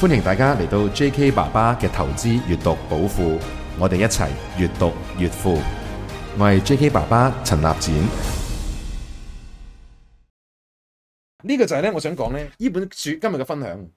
歡迎大家嚟到 J.K. 爸爸嘅投資閱讀寶庫，我哋一齊越讀越富。我係 J.K. 爸爸陳立展，呢個就係我想講咧呢本書今日嘅分享。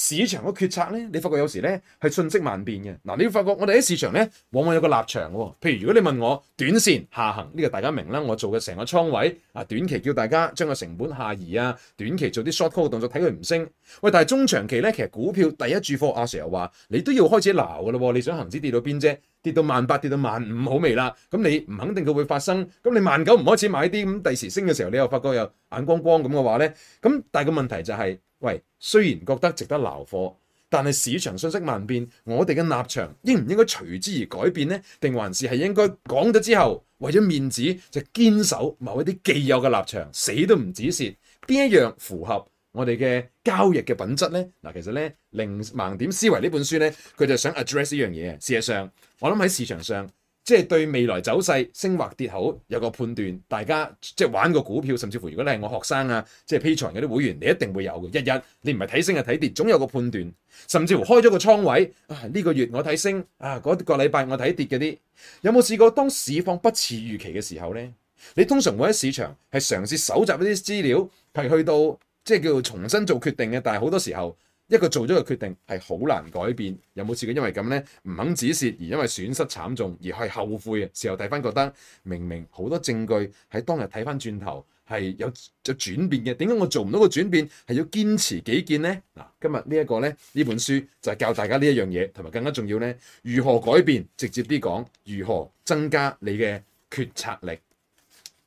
市場嘅決策咧，你發覺有時咧係瞬息萬變嘅。嗱，你會發覺我哋喺市場咧，往往有個立場嘅、哦。譬如如果你問我短線下行呢、這個大家明啦，我做嘅成個倉位啊，短期叫大家將個成本下移啊，短期做啲 short call 動作睇佢唔升。喂，但係中長期咧，其實股票第一注貨阿 Sir 話，你都要開始撈嘅咯。你想恒指跌到邊啫？跌到萬八，跌到萬五好未啦。咁你唔肯定佢會發生。咁你萬九唔開始買啲，咁第時升嘅時候你又發覺有眼光光咁嘅話咧，咁但係個問題就係、是。喂，雖然覺得值得撈貨，但係市場信息萬變，我哋嘅立場應唔應該隨之而改變呢？定還是係應該講咗之後，為咗面子就堅守某一啲既有嘅立場，死都唔止蝕？邊一樣符合我哋嘅交易嘅品質呢？嗱，其實呢，《零盲點思維》呢本書呢，佢就想 address 呢樣嘢。事實上，我諗喺市場上。即係對未來走勢升或跌好有個判斷，大家即係玩個股票，甚至乎如果你係我學生啊，即係 Patreon 嗰啲會員，你一定會有嘅。日日你唔係睇升又睇跌，總有個判斷，甚至乎開咗個倉位啊，呢個月我睇升啊，嗰個禮拜我睇跌嗰啲，有冇試過當市況不似預期嘅時候呢，你通常會喺市場係嘗試搜集一啲資料，係去到即係叫做重新做決定嘅，但係好多時候。一個做咗嘅決定係好難改變，有冇試過因為咁呢？唔肯止蝕，而因為損失慘重而係後悔啊？時候睇返覺得明明好多證據喺當日睇翻轉頭係有有轉變嘅，點解我做唔到個轉變？係要堅持己見呢？嗱，今日呢一個呢，呢本書就係教大家呢一樣嘢，同埋更加重要呢：如何改變？直接啲講，如何增加你嘅決策力？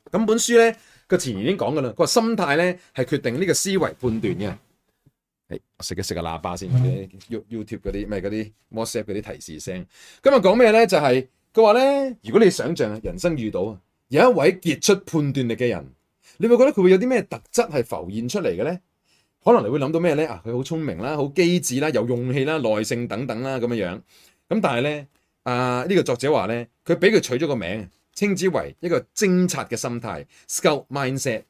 咁本書呢，個前言已經講噶啦，佢話心態呢係決定呢個思維判斷嘅。我食嘅食個喇叭先，YouTube 嗰啲咩嗰啲 WhatsApp 嗰啲提示聲。今日講咩咧？就係佢話咧，如果你想象人生遇到有一位傑出判斷力嘅人，你會覺得佢會有啲咩特質係浮現出嚟嘅咧？可能你會諗到咩咧？啊，佢好聰明啦，好機智啦，有勇氣啦，耐性等等啦咁樣樣。咁但係咧，啊呢、這個作者話咧，佢俾佢取咗個名，稱之為一個偵察嘅心態 （scout mindset）。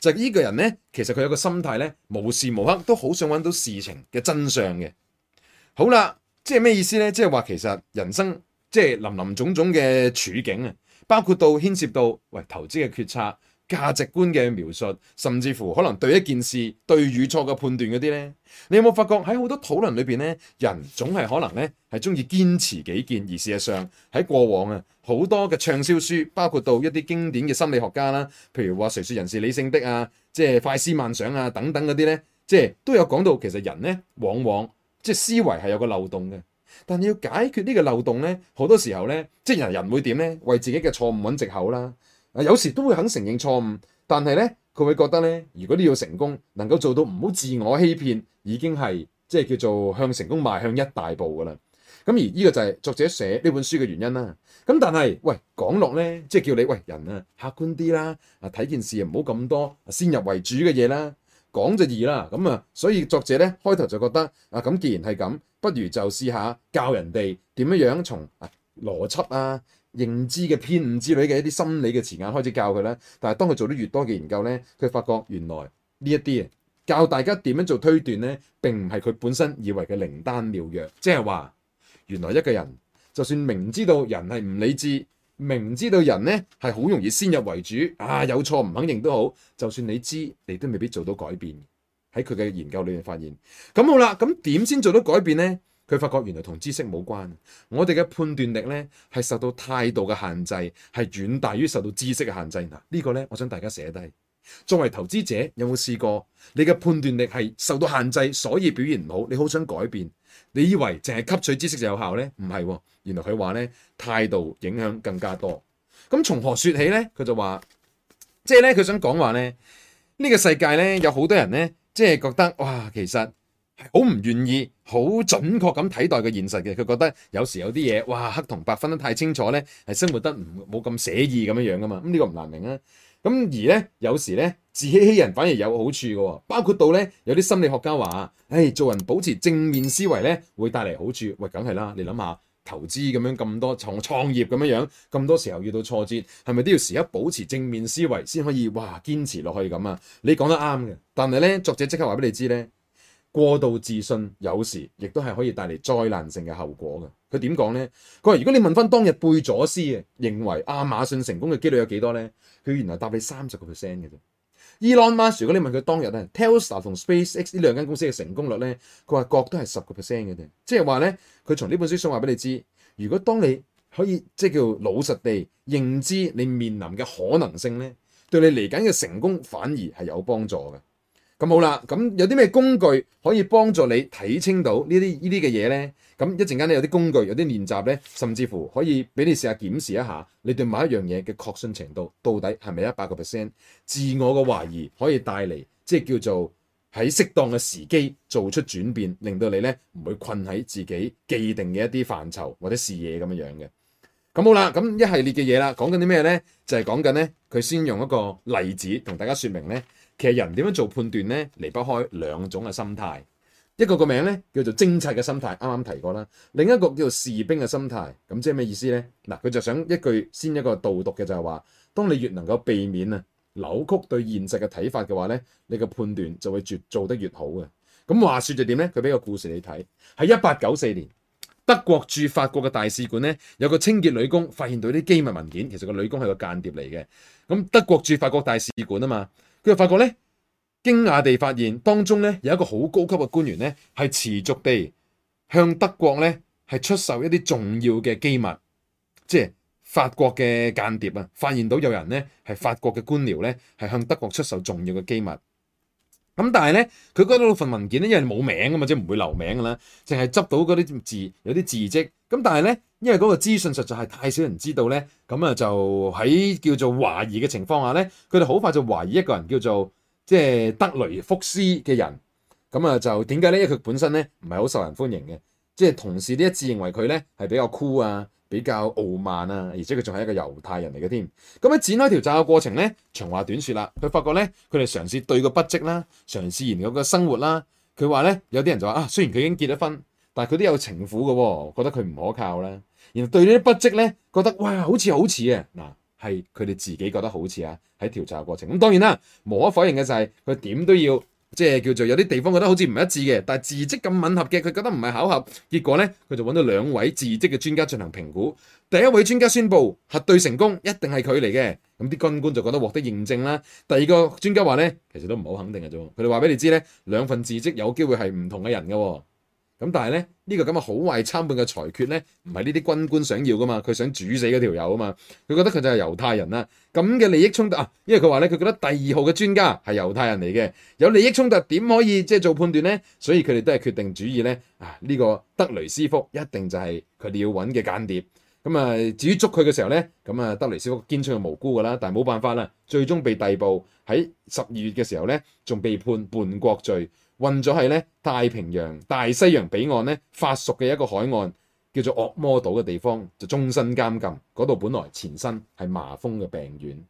就呢個人呢，其實佢有個心態呢，無時無刻都好想搵到事情嘅真相嘅。好啦，即係咩意思呢？即係話其實人生即係林林種種嘅處境啊，包括到牽涉到喂投資嘅決策。價值觀嘅描述，甚至乎可能對一件事對與錯嘅判斷嗰啲咧，你有冇發覺喺好多討論裏邊咧，人總係可能咧係中意堅持己見，而事實上喺過往啊，好多嘅暢銷書，包括到一啲經典嘅心理學家啦，譬如話誰說人是理性的啊，即係快思慢想啊等等嗰啲咧，即係都有講到其實人咧往往即係思維係有個漏洞嘅，但要解決呢個漏洞咧，好多時候咧即係人人會點咧為自己嘅錯誤揾藉口啦。啊，有時都會肯承認錯誤，但係咧，佢會覺得咧，如果你要成功，能夠做到唔好自我欺騙，已經係即係叫做向成功邁向一大步噶啦。咁而呢個就係作者寫呢本書嘅原因啦。咁但係，喂，講落咧，即係叫你喂人啊，客觀啲啦，啊睇件事唔好咁多先入為主嘅嘢啦，講就易啦。咁啊，所以作者咧開頭就覺得啊，咁既然係咁，不如就試下教人哋點樣樣從啊邏輯啊，認知嘅偏誤之類嘅一啲心理嘅詞眼開始教佢啦，但係當佢做得越多嘅研究呢，佢發覺原來呢一啲啊教大家點樣做推斷呢，並唔係佢本身以為嘅靈丹妙藥，即係話原來一個人就算明知道人係唔理智，明知道人呢係好容易先入為主啊，有錯唔肯認都好，就算你知你都未必做到改變。喺佢嘅研究裏面發現，咁、嗯、好啦，咁點先做到改變呢？佢發覺原來同知識冇關，我哋嘅判斷力呢，係受到態度嘅限制，係遠大於受到知識嘅限制。嗱，呢個呢，我想大家寫低。作為投資者，有冇試過你嘅判斷力係受到限制，所以表現唔好？你好想改變，你以為淨係吸取知識就有效呢？唔係喎，原來佢話呢，態度影響更加多。咁從何説起呢？佢就話，即係呢，佢想講話呢，呢個世界呢，有好多人呢，即係覺得哇，其實。好唔願意，好準確咁睇待個現實嘅，佢覺得有時有啲嘢，哇黑同白分得太清楚咧，係生活得唔冇咁寫意咁樣樣噶嘛，咁呢個唔難明啊。咁而咧有時咧自欺欺人反而有好處嘅，包括到咧有啲心理學家話啊、哎，做人保持正面思維咧會帶嚟好處。喂，梗係啦，你諗下投資咁樣咁多創創業咁樣樣，咁多時候遇到挫折，係咪都要時刻保持正面思維先可以哇堅持落去咁啊？你講得啱嘅，但係咧作者即刻話俾你知咧。過度自信有時亦都係可以帶嚟災難性嘅後果嘅。佢點講呢？佢話：如果你問翻當日貝佐斯啊，認為亞馬遜成功嘅機率有幾多呢？佢原來答你三十個 percent 嘅啫。Elon Musk，如果你問佢當日咧，Tesla 同 SpaceX 呢兩間公司嘅成功率呢，佢話各都係十個 percent 嘅啫。即係話呢，佢從呢本書想話俾你知，如果當你可以即係叫老實地認知你面臨嘅可能性呢，對你嚟緊嘅成功反而係有幫助嘅。咁好啦，咁有啲咩工具可以幫助你睇清到呢啲呢啲嘅嘢呢？咁一陣間咧有啲工具，有啲練習呢，甚至乎可以俾你試下檢視一下你對某一樣嘢嘅確信程度，到底係咪一百個 percent？自我嘅懷疑可以帶嚟，即係叫做喺適當嘅時機做出轉變，令到你呢唔會困喺自己既定嘅一啲範疇或者視野咁樣樣嘅。咁好啦，咁一系列嘅嘢啦，講緊啲咩呢？就係講緊呢，佢先用一個例子同大家説明呢。其實人點樣做判斷呢？離不開兩種嘅心態。一個個名呢叫做偵察嘅心態，啱啱提過啦。另一個叫做士兵嘅心態。咁即係咩意思呢？嗱，佢就想一句先，一個導讀嘅就係話，當你越能夠避免啊扭曲對現實嘅睇法嘅話呢，你嘅判斷就會越做得越好嘅。咁話說就點呢？佢俾個故事你睇，喺一八九四年，德國駐法國嘅大使館呢，有個清潔女工發現到啲機密文件，其實個女工係個間諜嚟嘅。咁德國駐法國大使館啊嘛。佢就發覺咧，驚訝地發現當中咧有一個好高級嘅官員咧，係持續地向德國咧係出售一啲重要嘅機密，即係法國嘅間諜啊！發現到有人咧係法國嘅官僚咧係向德國出售重要嘅機密。咁但係咧，佢嗰度份文件咧，因為冇名㗎嘛，即係唔會留名㗎喇，淨係執到嗰啲字，有啲字跡。咁但係咧，因為嗰個資訊實在係太少人知道咧，咁啊就喺叫做懷疑嘅情況下咧，佢哋好快就懷疑一個人叫做即係德雷福斯嘅人。咁啊就點解咧？因為佢本身咧唔係好受人歡迎嘅，即係同事一致認為佢咧係比較酷啊。比較傲慢啊，而且佢仲係一個猶太人嚟嘅添。咁喺展開調查嘅過程咧，長話短説啦，佢發覺咧，佢哋嘗試對個筆跡啦，嘗試研究個生活啦。佢話咧，有啲人就話啊，雖然佢已經結咗婚，但係佢都有情婦嘅喎、哦，覺得佢唔可靠啦。然後對呢啲筆跡咧，覺得哇，好似好似啊，嗱，係佢哋自己覺得好似啊，喺調查過程。咁當然啦，無可否認嘅就係佢點都要。即係叫做有啲地方覺得好似唔一致嘅，但係字跡咁吻合嘅，佢覺得唔係巧合。結果呢，佢就揾到兩位字跡嘅專家進行評估。第一位專家宣布核對成功，一定係佢嚟嘅。咁啲軍官就覺得獲得認證啦。第二個專家話呢，其實都唔係好肯定嘅啫。佢哋話俾你知呢，兩份字跡有機會係唔同嘅人嘅，哦。咁但係咧，呢、這個咁嘅好壞參半嘅裁決咧，唔係呢啲軍官想要噶嘛，佢想煮死嗰條友啊嘛，佢覺得佢就係猶太人啦，咁嘅利益衝突、啊，因為佢話咧，佢覺得第二號嘅專家係猶太人嚟嘅，有利益衝突點可以即係、就是、做判斷咧？所以佢哋都係決定主義咧，啊呢、這個德雷斯福一定就係佢哋要揾嘅間諜。咁、嗯、啊，至於捉佢嘅時候咧，咁啊德雷斯福堅稱係無辜噶啦，但係冇辦法啦，最終被逮捕喺十二月嘅時候咧，仲被判叛，叛國罪。運咗喺咧太平洋大西洋彼岸咧，法屬嘅一個海岸，叫做惡魔島嘅地方，就終身監禁。嗰度本來前身係麻風嘅病院。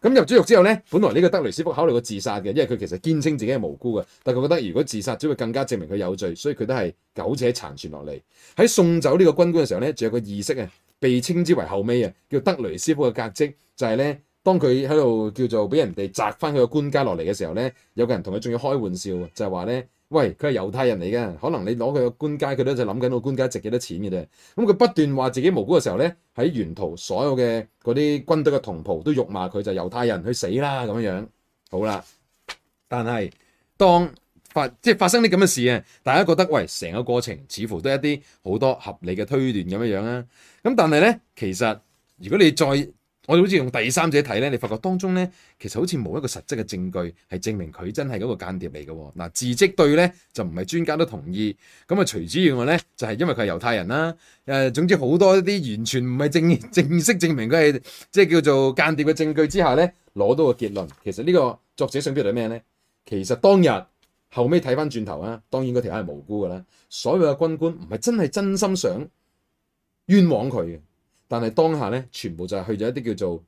咁入咗獄之後咧，本來呢個德雷斯福考慮過自殺嘅，因為佢其實堅稱自己係無辜嘅，但係佢覺得如果自殺只會更加證明佢有罪，所以佢都係苟且殘存落嚟。喺送走呢個軍官嘅時候咧，仲有個意識啊，被稱之為後尾啊，叫德雷斯福嘅格職，就係、是、咧。當佢喺度叫做俾人哋摘翻佢個官階落嚟嘅時候咧，有個人同佢仲要開玩笑，就係話咧：喂，佢係猶太人嚟嘅，可能你攞佢個官階，佢都就諗緊個官階值幾多錢嘅啫。咁佢不斷話自己無辜嘅時候咧，喺沿途所有嘅嗰啲軍隊嘅同袍都辱罵佢就係猶太人，去死啦咁樣樣。好啦，但係當發即係發生啲咁嘅事啊，大家覺得喂，成個過程似乎都係一啲好多合理嘅推斷咁樣樣啊。咁但係咧，其實如果你再我哋好似用第三者睇咧，你發覺當中咧，其實好似冇一個實質嘅證據係證明佢真係嗰個間諜嚟嘅，哦。嗱，字跡對咧就唔係專家都同意。咁啊，除此之外咧就係、是、因為佢係猶太人啦。誒，總之好多一啲完全唔係正正式證明佢係即係叫做間諜嘅證據之下咧，攞到個結論。其實呢個作者想表係咩咧？其實當日後尾睇翻轉頭啦，當然嗰條客係無辜㗎啦。所有嘅軍官唔係真係真心想冤枉佢嘅。但係當下咧，全部就係去咗一啲叫做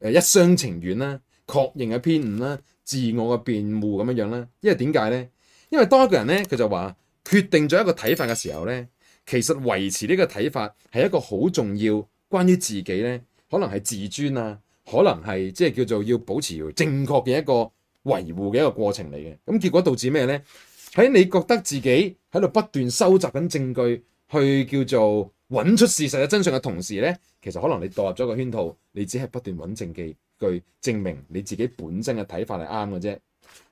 誒一廂情願啦、確認嘅偏誤啦、自我嘅辯護咁樣樣啦。因為點解咧？因為當一個人咧，佢就話決定咗一個睇法嘅時候咧，其實維持呢個睇法係一個好重要，關於自己咧，可能係自尊啊，可能係即係叫做要保持正確嘅一個維護嘅一個過程嚟嘅。咁結果導致咩咧？喺你覺得自己喺度不斷收集緊證據去叫做揾出事實嘅真相嘅同時咧，其實可能你墮入咗個圈套，你只係不斷揾證據證明你自己本身嘅睇法係啱嘅啫。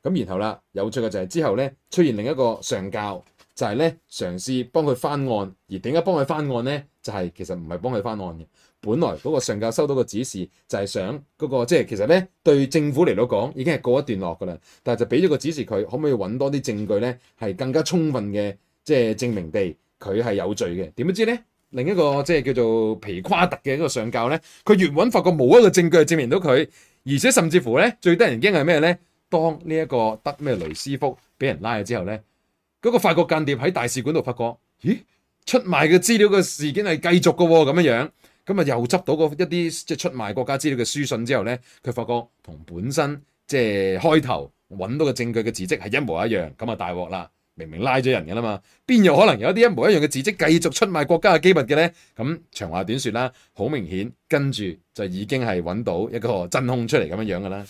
咁然後啦，有趣嘅就係之後咧，出現另一個上教，就係咧嘗試幫佢翻案，而點解幫佢翻案咧？就係、是、其實唔係幫佢翻案嘅。本來嗰個上教收到個指示就、那個，就係想嗰個即係其實咧，對政府嚟到講已經係告一段落㗎啦，但係就俾咗個指示佢，可唔可以揾多啲證據咧係更加充分嘅，即係證明地佢係有罪嘅？點解知咧？另一個即係叫做皮誇特嘅一個上教咧，佢原本發覺冇一個證據證明到佢，而且甚至乎咧最得人驚係咩咧？當呢一個得咩雷斯福俾人拉咗之後咧，嗰、那個法國間諜喺大使館度發覺，咦出賣嘅資料嘅事件係繼續嘅喎咁樣樣，咁啊又執到嗰一啲即係出賣國家資料嘅書信之後咧，佢發覺同本身即係開頭揾到嘅證據嘅字跡係一模一樣，咁啊大鑊啦！明明拉咗人噶啦嘛，邊有可能有一啲一模一樣嘅字跡繼續出賣國家嘅機密嘅呢？咁長話短説啦，好明顯，跟住就已經係揾到一個真空出嚟咁樣樣噶啦。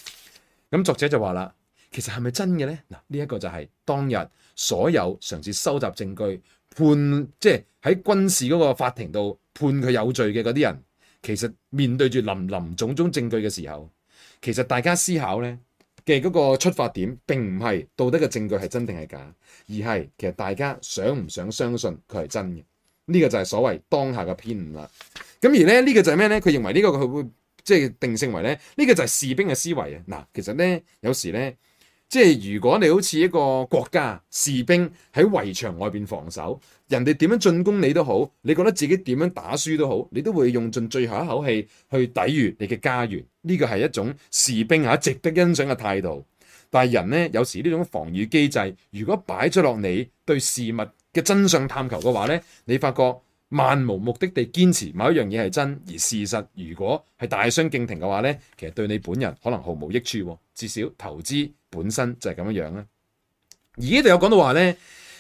咁作者就話啦，其實係咪真嘅呢？嗱，呢一個就係當日所有嘗試收集證據判，即係喺軍事嗰個法庭度判佢有罪嘅嗰啲人，其實面對住林林種種證據嘅時候，其實大家思考呢。嘅嗰個出發點並唔係道德嘅證據係真定係假，而係其實大家想唔想相信佢係真嘅呢？呢個就係所謂當下嘅偏誤啦。咁而咧呢，呢個就係咩咧？佢認為呢個佢會即係、就是、定性為咧呢，呢個就係士兵嘅思維啊。嗱，其實咧有時咧。即係如果你好似一個國家士兵喺圍牆外邊防守，人哋點樣進攻你都好，你覺得自己點樣打輸都好，你都會用盡最後一口氣去抵禦你嘅家園。呢個係一種士兵啊值得欣賞嘅態度。但係人呢，有時呢種防禦機制，如果擺咗落你對事物嘅真相探求嘅話呢，你發覺漫無目的地堅持某一樣嘢係真，而事實如果係大相徑庭嘅話呢，其實對你本人可能毫無益處。至少投資。本身就係咁樣樣啦。而呢度有講到話咧，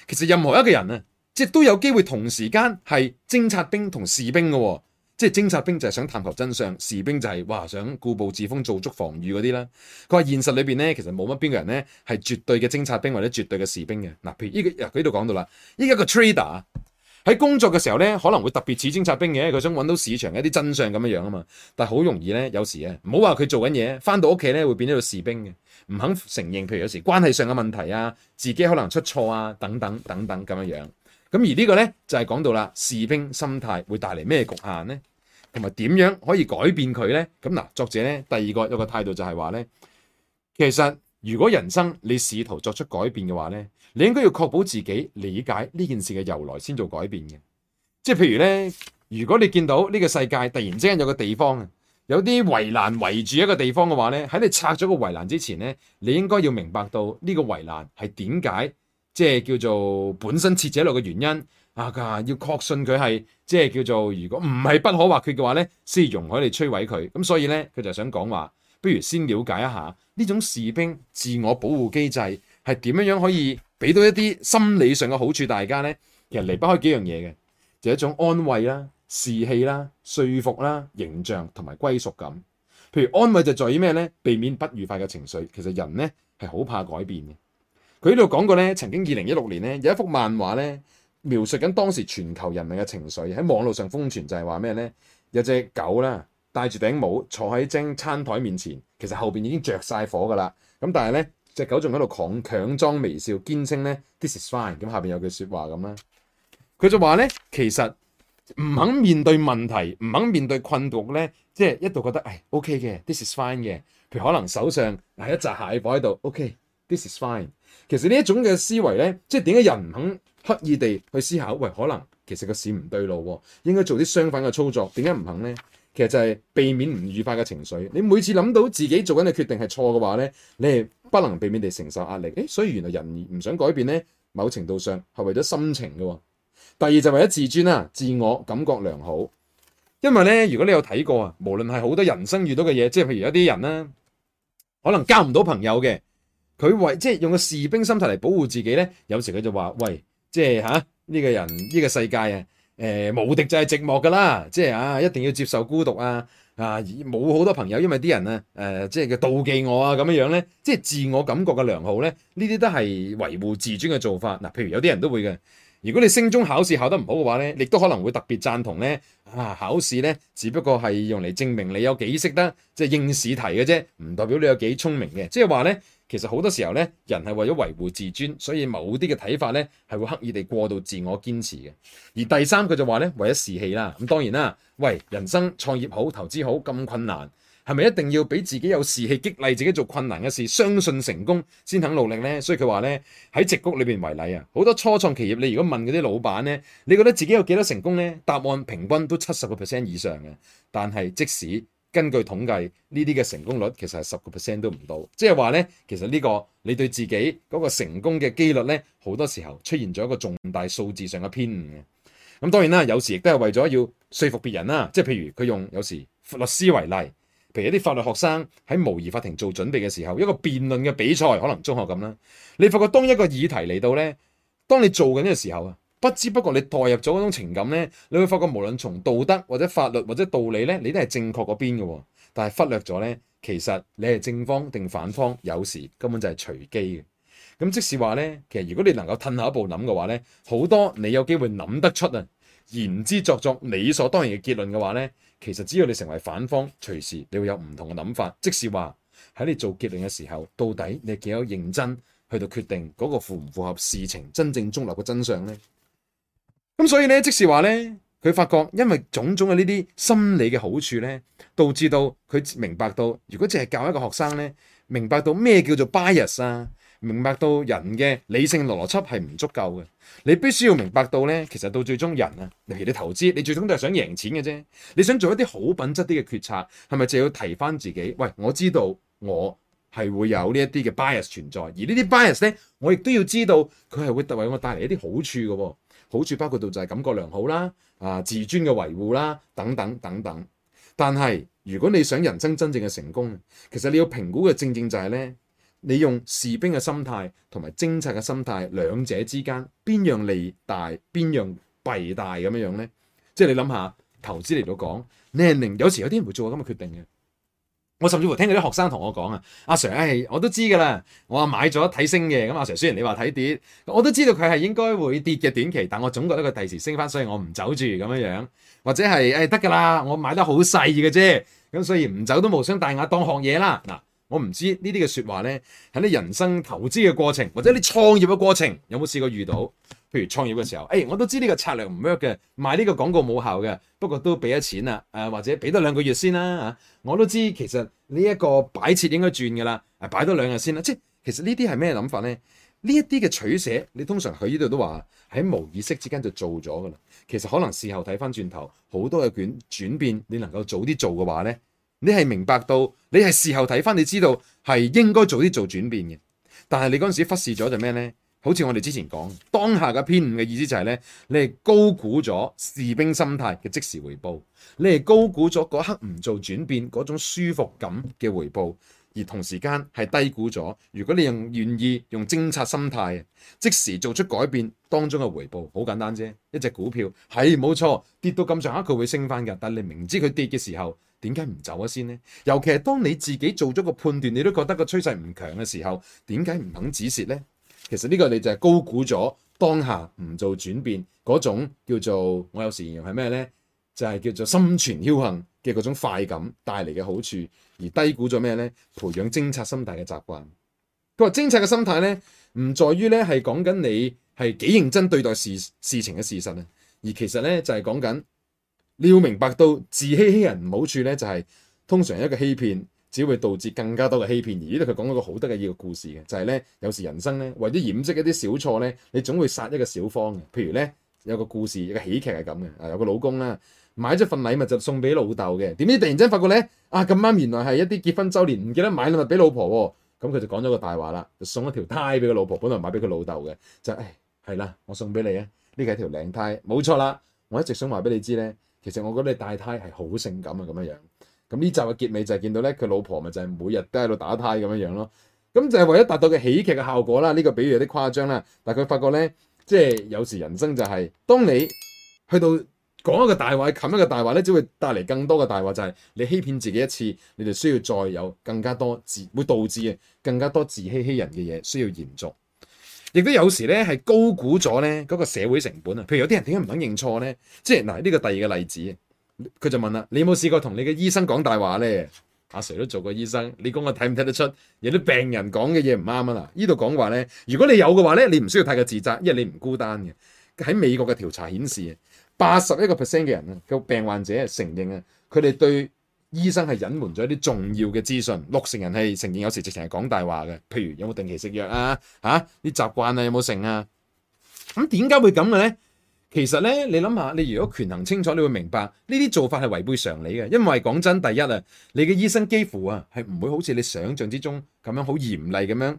其實任何一個人啊，即係都有機會同時間係偵察兵同士兵嘅。哦，即係偵察兵就係想探求真相，士兵就係、是、哇想固步自封、做足防禦嗰啲啦。佢話現實裏邊咧，其實冇乜邊個人咧係絕對嘅偵察兵或者絕對嘅士兵嘅嗱。譬如呢，這個佢喺度講到啦，依一個 trader 喺工作嘅時候咧，可能會特別似偵察兵嘅，佢想揾到市場嘅一啲真相咁樣樣啊嘛。但係好容易咧，有時咧唔好話佢做緊嘢，翻到屋企咧會變咗個士兵嘅。唔肯承認，譬如有時關係上嘅問題啊，自己可能出錯啊，等等等等咁樣樣。咁而呢個呢，就係講到啦，士兵心態會帶嚟咩局限呢？同埋點樣可以改變佢呢？咁嗱，作者呢第二個有個態度就係話呢：其實如果人生你試圖作出改變嘅話呢，你應該要確保自己理解呢件事嘅由來先做改變嘅。即係譬如呢，如果你見到呢個世界突然之間有個地方有啲圍欄圍住一個地方嘅話咧，喺你拆咗個圍欄之前咧，你應該要明白到呢個圍欄係點解，即係叫做本身設置落嘅原因啊！噶，要確信佢係即係叫做，如果唔係不可或缺嘅話咧，先容許你摧毀佢。咁所以咧，佢就想講話，不如先了解一下呢種士兵自我保護機制係點樣樣可以俾到一啲心理上嘅好處，大家咧其實離不開幾樣嘢嘅，就係一種安慰啦。士氣啦、說服啦、形象同埋歸屬感，譬如安慰就喺於咩呢？避免不愉快嘅情緒。其實人呢係好怕改變嘅。佢呢度講過呢，曾經二零一六年呢有一幅漫畫呢，描述緊當時全球人民嘅情緒喺網絡上瘋傳，就係話咩呢？有隻狗啦，戴住頂帽坐喺張餐台面前，其實後邊已經着晒火噶啦。咁但係呢隻狗仲喺度強強裝微笑，堅稱呢：「This is fine。」咁下邊有句説話咁啦，佢就話呢：「其實，唔肯面對問題，唔肯面對困局呢，即係一度覺得唉、哎、OK 嘅，This is fine 嘅。譬如可能手上嗱一紮蟹擺喺度，OK，This is fine。其實呢一種嘅思維呢，即係點解人唔肯刻意地去思考？喂，可能其實個市唔對路喎，應該做啲相反嘅操作。點解唔肯呢？其實就係避免唔愉快嘅情緒。你每次諗到自己做緊嘅決定係錯嘅話呢，你係不能避免地承受壓力。誒，所以原來人唔想改變呢，某程度上係為咗心情嘅。第二就為咗自尊啊，自我感覺良好。因為咧，如果你有睇過啊，無論係好多人生遇到嘅嘢，即係譬如一啲人啦，可能交唔到朋友嘅，佢為即係用個士兵心態嚟保護自己咧，有時佢就話，喂，即係吓呢個人呢個世界啊，誒、呃、無敵就係寂寞噶啦，即係啊，一定要接受孤獨啊，啊冇好多朋友，因為啲人啊，誒、呃、即係叫妒忌我啊咁樣樣咧，即係自我感覺嘅良好咧，呢啲都係維護自尊嘅做法。嗱，譬如有啲人都會嘅。如果你升中考試考得唔好嘅話呢，亦都可能會特別贊同呢，啊考試呢，只不過係用嚟證明你有幾識得即係應試題嘅啫，唔代表你有幾聰明嘅。即係話呢，其實好多時候呢，人係為咗維護自尊，所以某啲嘅睇法呢係會刻意地過度自我堅持嘅。而第三佢就話呢，為咗士氣啦。咁當然啦，喂，人生創業好，投資好，咁困難。係咪一定要俾自己有士氣，激勵自己做困難嘅事，相信成功先肯努力呢？所以佢話呢，喺矽谷裏邊為例啊，好多初創企業，你如果問嗰啲老闆呢，你覺得自己有幾多成功呢？答案平均都七十個 percent 以上嘅。但係即使根據統計呢啲嘅成功率，其實係十個 percent 都唔到，即係話呢，其實呢、呢個你對自己嗰個成功嘅幾率呢，好多時候出現咗一個重大數字上嘅偏誤嘅。咁當然啦，有時亦都係為咗要說服別人啦，即係譬如佢用有時律師為例。譬如一啲法律學生喺模擬法庭做準備嘅時候，一個辯論嘅比賽可能中學咁啦，你發覺當一個議題嚟到咧，當你做緊嘅時候啊，不知不覺你代入咗嗰種情感咧，你會發覺無論從道德或者法律或者道理咧，你都係正確嗰邊嘅，但係忽略咗咧，其實你係正方定反方，有時根本就係隨機嘅。咁即使話咧，其實如果你能夠褪後一步諗嘅話咧，好多你有機會諗得出啊言之鑿鑿、作作理所當然嘅結論嘅話咧。其實只要你成為反方，隨時你會有唔同嘅諗法。即係話喺你做結論嘅時候，到底你幾有認真去到決定嗰個符唔符合事情真正中立嘅真相呢？咁所以呢，即係話呢，佢發覺因為種種嘅呢啲心理嘅好處呢，導致到佢明白到，如果淨係教一個學生呢，明白到咩叫做 bias 啊，明白到人嘅理性邏輯係唔足夠嘅，你必須要明白到呢，其實到最終人啊，例如你投資，你最終都係想贏錢嘅啫。你想做一啲好品質啲嘅決策，係咪就要提翻自己？喂，我知道我係會有呢一啲嘅 bias 存在，而呢啲 bias 呢，我亦都要知道佢係會為我帶嚟一啲好處嘅喎。好處包括到就係感覺良好啦，啊，自尊嘅維護啦，等等等等。但係如果你想人生真正嘅成功，其實你要評估嘅正正就係呢。你用士兵嘅心態同埋偵察嘅心態，兩者之間，邊樣利大，邊樣弊大咁樣樣咧？即係你諗下投資嚟到講，你係令有時有啲人會做咁嘅決定嘅。我甚至乎聽嗰啲學生同我講啊，阿 Sir，誒、哎、我都知㗎啦，我買咗睇升嘅，咁、啊、阿 Sir 雖然你話睇跌，我都知道佢係應該會跌嘅短期，但我總覺得佢第時升翻，所以我唔走住咁樣樣，或者係誒得㗎啦，我買得好細嘅啫，咁所以唔走都無傷大雅，當學嘢啦嗱。我唔知呢啲嘅説話呢，喺你人生投資嘅過程，或者你創業嘅過程，有冇試過遇到？譬如創業嘅時候，誒、欸、我都知呢個策略唔 work 嘅，賣呢個廣告冇效嘅，不過都俾咗錢啦，誒、啊、或者俾多兩個月先啦、啊、嚇、啊。我都知其實呢一個擺設應該轉噶啦、啊，擺多兩日先啦、啊。即係其實呢啲係咩諗法呢？呢一啲嘅取捨，你通常佢喺呢度都話喺無意識之間就做咗噶啦。其實可能事後睇翻轉頭，好多嘅轉轉變，你能夠早啲做嘅話呢。你係明白到，你係事後睇翻，你知道係應該早啲做轉變嘅。但係你嗰陣時忽視咗就咩呢？好似我哋之前講，當下嘅偏誤嘅意思就係、是、咧，你係高估咗士兵心態嘅即時回報，你係高估咗嗰刻唔做轉變嗰種舒服感嘅回報，而同時間係低估咗。如果你用願意用偵察心態，即時做出改變當中嘅回報，好簡單啫。一隻股票係冇錯，跌到咁上下佢會升翻㗎，但你明知佢跌嘅時候。點解唔走啊先呢？尤其係當你自己做咗個判斷，你都覺得個趨勢唔強嘅時候，點解唔肯止蝕呢？其實呢個你就係高估咗當下唔做轉變嗰種叫做我有時形容係咩呢？就係、是、叫做心存僥倖嘅嗰種快感帶嚟嘅好處，而低估咗咩呢？培養偵察心態嘅習慣。佢話偵察嘅心態呢，唔在於呢係講緊你係幾認真對待事事情嘅事實啊，而其實呢就係講緊。你要明白到自欺欺人唔好處咧、就是，就係通常一個欺騙，只會導致更加多嘅欺騙。而呢度佢講咗個好得意嘅呢個故事嘅，就係、是、咧，有時人生咧，為咗掩飾一啲小錯咧，你總會殺一個小方嘅。譬如咧，有個故事，有一個喜劇係咁嘅。啊，有個老公咧，買咗份禮物就送俾老豆嘅。點知突然之間發覺咧，啊咁啱，原來係一啲結婚周年唔記得買禮物俾老婆喎。咁佢就講咗個大話啦，就送一條胎 i e 俾個老婆，本來買俾佢老豆嘅，就誒係啦，我送俾你啊，呢個係條靚 t i 冇錯啦，我一直想話俾你，你，你，你，你，你知咧。其實我覺得你大胎係好性感啊，咁樣樣。咁呢集嘅結尾就係見到咧，佢老婆咪就係每日都喺度打胎咁樣樣咯。咁就係為咗達到佢喜劇嘅效果啦。呢、這個比喻有啲誇張啦，但係佢發覺咧，即係有時人生就係、是，當你去到講一個大話，冚一個大話咧，只會帶嚟更多嘅大話，就係、是、你欺騙自己一次，你哋需要再有更加多自會導致更加多自欺欺人嘅嘢需要延續。亦都有時咧係高估咗咧嗰個社會成本啊，譬如有啲人點解唔肯認錯咧？即係嗱，呢個第二嘅例子，佢就問啦：你有冇試過同你嘅醫生講大話咧？阿 Sir 都做過醫生，你估我睇唔睇得出有啲病人講嘅嘢唔啱啊？嗱，呢度講話咧，如果你有嘅話咧，你唔需要太過自責，因為你唔孤單嘅。喺美國嘅調查顯示，八十一個 percent 嘅人啊，個病患者承認啊，佢哋對醫生係隱瞞咗一啲重要嘅資訊，六成人係承認有時直情係講大話嘅。譬如有冇定期食藥啊？嚇、啊，啲習慣啊，有冇成啊？咁點解會咁嘅咧？其實咧，你諗下，你如果權衡清楚，你會明白呢啲做法係違背常理嘅。因為講真，第一啊，你嘅醫生幾乎啊係唔會好似你想像之中咁樣好嚴厲咁樣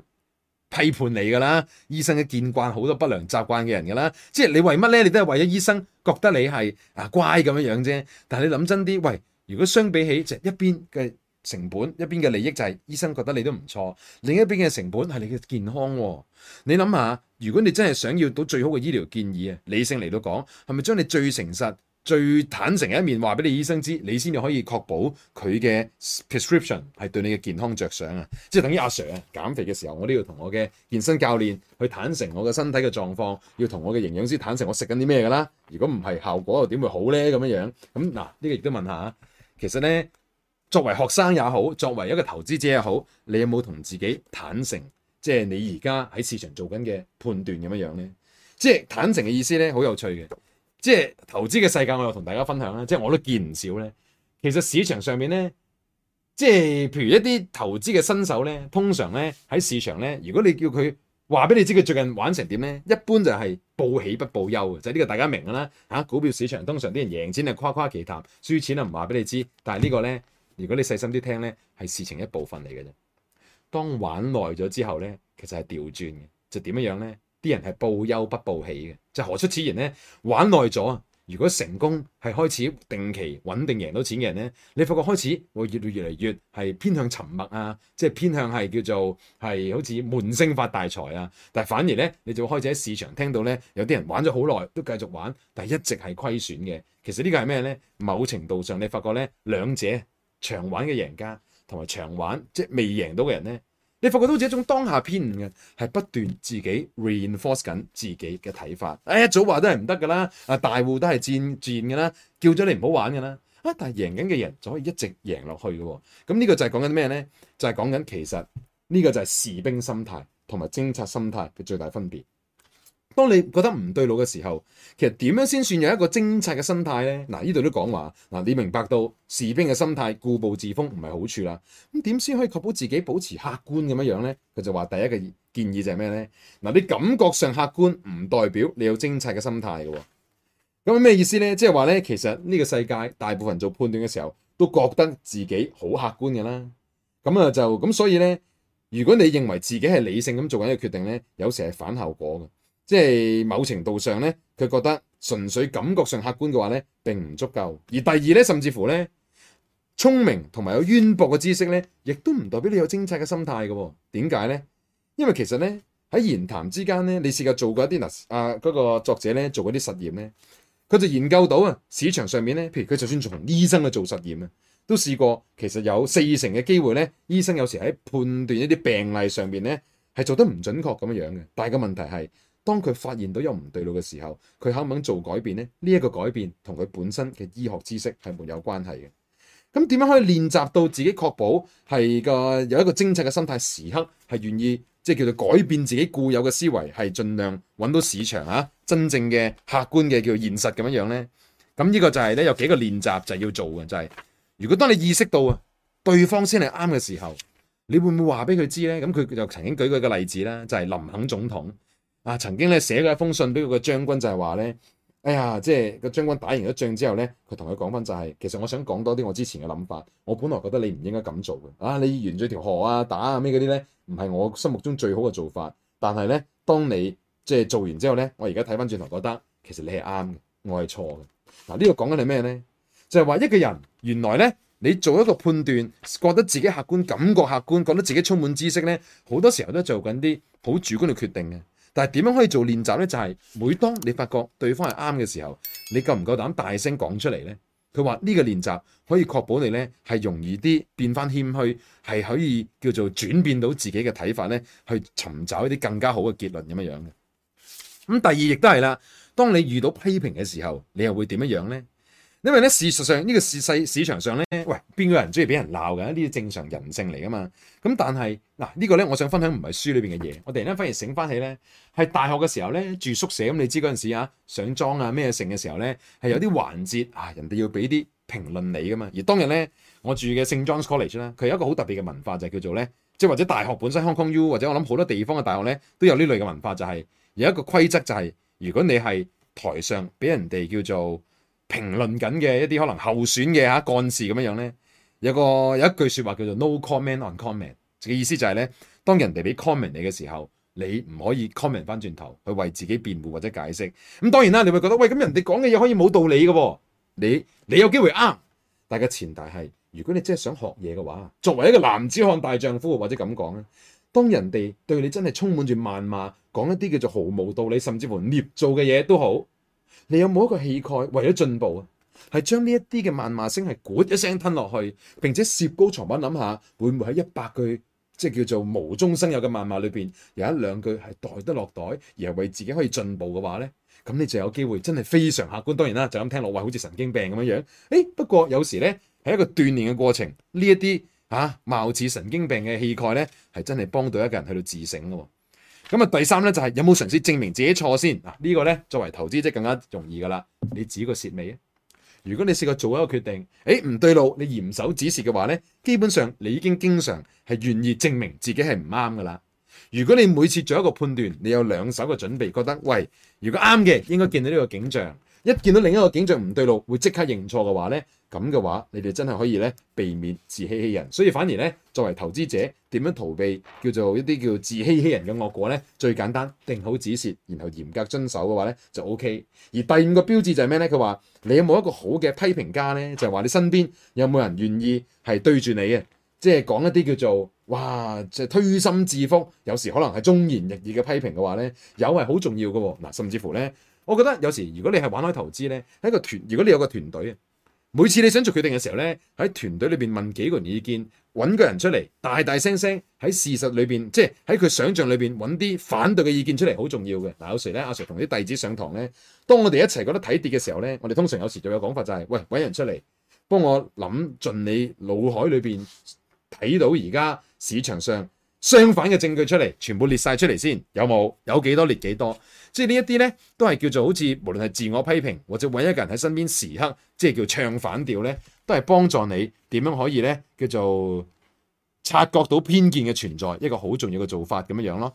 批判你㗎啦。醫生嘅見慣好多不良習慣嘅人㗎啦，即係你為乜咧？你都係為咗醫生覺得你係啊乖咁樣樣啫。但係你諗真啲，喂～如果相比起、就係、一邊嘅成本，一邊嘅利益就係醫生覺得你都唔錯，另一邊嘅成本係你嘅健康，啊。你諗下，如果你真係想要到最好嘅醫療建議啊，理性嚟到講，係咪將你最誠實、最坦誠嘅一面話俾你醫生知，你先至可以確保佢嘅 prescription 係對你嘅健康着想啊？ 即係等於阿 Sir 啊，減肥嘅時候，我都要同我嘅健身教練去坦誠我嘅身體嘅狀況，要同我嘅營養師坦誠我食緊啲咩㗎啦。如果唔係效果又點會好呢？咁樣樣咁嗱，呢、呢個亦都問下。其實咧，作為學生也好，作為一個投資者也好，你有冇同自己坦誠，即係你而家喺市場做緊嘅判斷咁樣樣咧？即係坦誠嘅意思咧，好有趣嘅。即係投資嘅世界，我又同大家分享啦。即係我都見唔少咧。其實市場上面咧，即係譬如一啲投資嘅新手咧，通常咧喺市場咧，如果你叫佢話俾你知佢最近玩成點咧，一般就係、是。報喜不報憂嘅，就係呢個，大家明噶啦。啊，股票市場通常啲人贏錢係誇誇其談，輸錢啊唔話俾你知。但係呢個咧，如果你細心啲聽咧，係事情一部分嚟嘅啫。當玩耐咗之後咧，其實係調轉嘅，就點樣樣咧？啲人係報憂不報喜嘅，就何出此言咧？玩耐咗啊！如果成功係開始定期穩定贏到錢嘅人呢，你發覺開始會越嚟越嚟越係偏向沉默啊，即係偏向係叫做係好似悶聲發大財啊，但係反而呢，你就開始喺市場聽到呢，有啲人玩咗好耐都繼續玩，但係一直係虧損嘅。其實呢個係咩呢？某程度上你發覺呢兩者長玩嘅贏家同埋長玩即係未贏到嘅人呢。你發覺都係一種當下偏誤嘅，係不斷自己 reinforce 緊自己嘅睇法。啊、哎，一早話都係唔得噶啦，啊大戶都係戰戰噶啦，叫咗你唔好玩噶啦。啊，但係贏緊嘅人就可以一直贏落去嘅喎。咁、嗯、呢、這個就係講緊咩咧？就係講緊其實呢、這個就係士兵心態同埋偵察心態嘅最大分別。當你覺得唔對路嘅時候，其實點樣先算有一個偵察嘅心態呢？嗱，呢度都講話嗱，你明白到士兵嘅心態固步自封唔係好處啦。咁點先可以確保自己保持客觀咁樣樣呢？佢就話第一個建議就係咩呢？嗱，你感覺上客觀唔代表你有偵察嘅心態嘅。咁咩意思呢？即係話呢，其實呢個世界大部分做判斷嘅時候都覺得自己好客觀噶啦。咁啊就咁，所以呢，如果你認為自己係理性咁做緊一個決定呢，有時係反效果嘅。即係某程度上咧，佢覺得純粹感覺上客觀嘅話咧，並唔足夠。而第二咧，甚至乎咧，聰明同埋有淵博嘅知識咧，亦都唔代表你有精確嘅心態嘅、哦。點解咧？因為其實咧，喺言談之間咧，你試過做過一啲嗱啊嗰、那個作者咧做過啲實驗咧，佢就研究到啊市場上面咧，譬如佢就算從醫生去做實驗啊，都試過其實有四成嘅機會咧，醫生有時喺判斷一啲病例上面咧係做得唔準確咁樣樣嘅。但係個問題係。當佢發現到有唔對路嘅時候，佢肯唔肯做改變呢？呢、這、一個改變同佢本身嘅醫學知識係沒有關係嘅。咁點樣可以練習到自己確保係個有一個偵察嘅心態？時刻係願意即係、就是、叫做改變自己固有嘅思維，係盡量揾到市場啊！真正嘅客觀嘅叫現實咁樣樣咧。咁呢個就係咧有幾個練習就係要做嘅，就係、是、如果當你意識到啊對方先係啱嘅時候，你會唔會話俾佢知呢？咁佢就曾經舉過一個例子啦，就係、是、林肯總統。啊！曾經咧寫過一封信俾佢個將軍，就係話咧：，哎呀，即係個將軍打完咗仗之後咧，佢同佢講翻就係、是、其實我想講多啲我之前嘅諗法。我本來覺得你唔應該咁做嘅。啊，你沿住條河啊打啊咩嗰啲咧，唔係我心目中最好嘅做法。但係咧，當你即係做完之後咧，我而家睇翻轉頭覺得其實你係啱嘅，我係錯嘅。嗱、啊，呢個講緊係咩咧？就係、是、話一個人原來咧，你做一個判斷，覺得自己客觀、感覺客觀，覺得自己充滿知識咧，好多時候都做緊啲好主觀嘅決定嘅。但係點樣可以做練習呢？就係每當你發覺對方係啱嘅時候，你夠唔夠膽大聲講出嚟呢？佢話呢個練習可以確保你呢係容易啲變返謙虛，係可以叫做轉變到自己嘅睇法呢，去尋找一啲更加好嘅結論咁樣樣嘅。咁第二亦都係啦，當你遇到批評嘅時候，你又會點樣樣呢？因為咧，事實上呢、呢個市勢市場上咧，喂，邊個人中意俾人鬧嘅？呢啲正常人性嚟噶嘛？咁但係嗱，呢個、呢個咧，我想分享唔係書裏邊嘅嘢，我突然咧反而醒翻起咧，係大學嘅時候咧住宿舍，咁你知嗰陣時啊上莊啊咩性嘅時候咧，係、啊、有啲環節啊，人哋要俾啲評論你噶嘛？而當日咧，我住嘅聖 John's College 啦，佢有一個好特別嘅文化就係、是、叫做咧，即係或者大學本身 Hong Kong U 或者我諗好多地方嘅大學咧都有呢類嘅文化，就係、是、有一個規則就係、是、如果你係台上俾人哋叫做評論緊嘅一啲可能候選嘅嚇幹事咁樣樣咧，有個有一句説話叫做 no comment on comment 嘅意思就係呢，當人哋俾 comment 你嘅時候，你唔可以 comment 翻轉頭去為自己辯護或者解釋。咁當然啦，你會覺得喂，咁人哋講嘅嘢可以冇道理嘅喎、哦，你你有機會啱，但係個前提係，如果你真係想學嘢嘅話，作為一個男子漢大丈夫或者咁講咧，當人哋對你真係充滿住謾罵，講一啲叫做毫無道理甚至乎捏造嘅嘢都好。你有冇一個氣概為咗進步啊？係將呢一啲嘅謾罵聲，係咕一聲吞落去，並且攝高床品諗下會唔會喺一百句即係叫做無中生有嘅謾罵裏邊有一兩句係袋得落袋而係為自己可以進步嘅話咧，咁你就有機會真係非常客觀。當然啦，就咁聽落話好似神經病咁樣樣。誒、哎，不過有時咧，係一個鍛煉嘅過程，呢一啲吓貌似神經病嘅氣概咧，係真係幫到一個人去到自省咯、哦。咁啊，第三咧就係有冇嘗試證明自己錯先嗱，呢個咧作為投資者更加容易噶啦。你指個蝕尾啊？如果你試過做一個決定，誒唔對路，你嚴守指示嘅話咧，基本上你已經經常係願意證明自己係唔啱噶啦。如果你每次做一個判斷，你有兩手嘅準備，覺得喂，如果啱嘅應該見到呢個景象。一見到另一個景象唔對路，會即刻認錯嘅話呢，咁嘅話，你哋真係可以咧避免自欺欺人。所以反而呢，作為投資者，點樣逃避叫做一啲叫自欺欺人嘅惡果呢？最簡單，定好止蝕，然後嚴格遵守嘅話呢，就 OK。而第五個標誌就係咩呢？佢話你有冇一個好嘅批評家呢？就係話你身邊有冇人願意係對住你嘅，即係講一啲叫做哇，即係推心置腹，有時可能係忠言逆耳嘅批評嘅話呢，有係好重要嘅喎嗱，甚至乎呢。我覺得有時如果你係玩開投資呢，喺個團如果你有個團隊啊，每次你想做決定嘅時候呢，喺團隊裏邊問幾個人意見，揾個人出嚟大大聲聲喺事實裏邊，即係喺佢想象裏邊揾啲反對嘅意見出嚟，好重要嘅。嗱有時呢，阿 Sir 同啲弟子上堂呢，當我哋一齊覺得睇跌嘅時候呢，我哋通常有時就有講法就係，喂，揾人出嚟幫我諗盡你腦海裏邊睇到而家市場上相反嘅證據出嚟，全部列晒出嚟先，有冇？有幾多列幾多？即係呢一啲咧，都係叫做好似無論係自我批評，或者揾一個人喺身邊時刻，即係叫唱反調咧，都係幫助你點樣可以咧叫做察覺到偏見嘅存在，一個好重要嘅做法咁樣樣咯。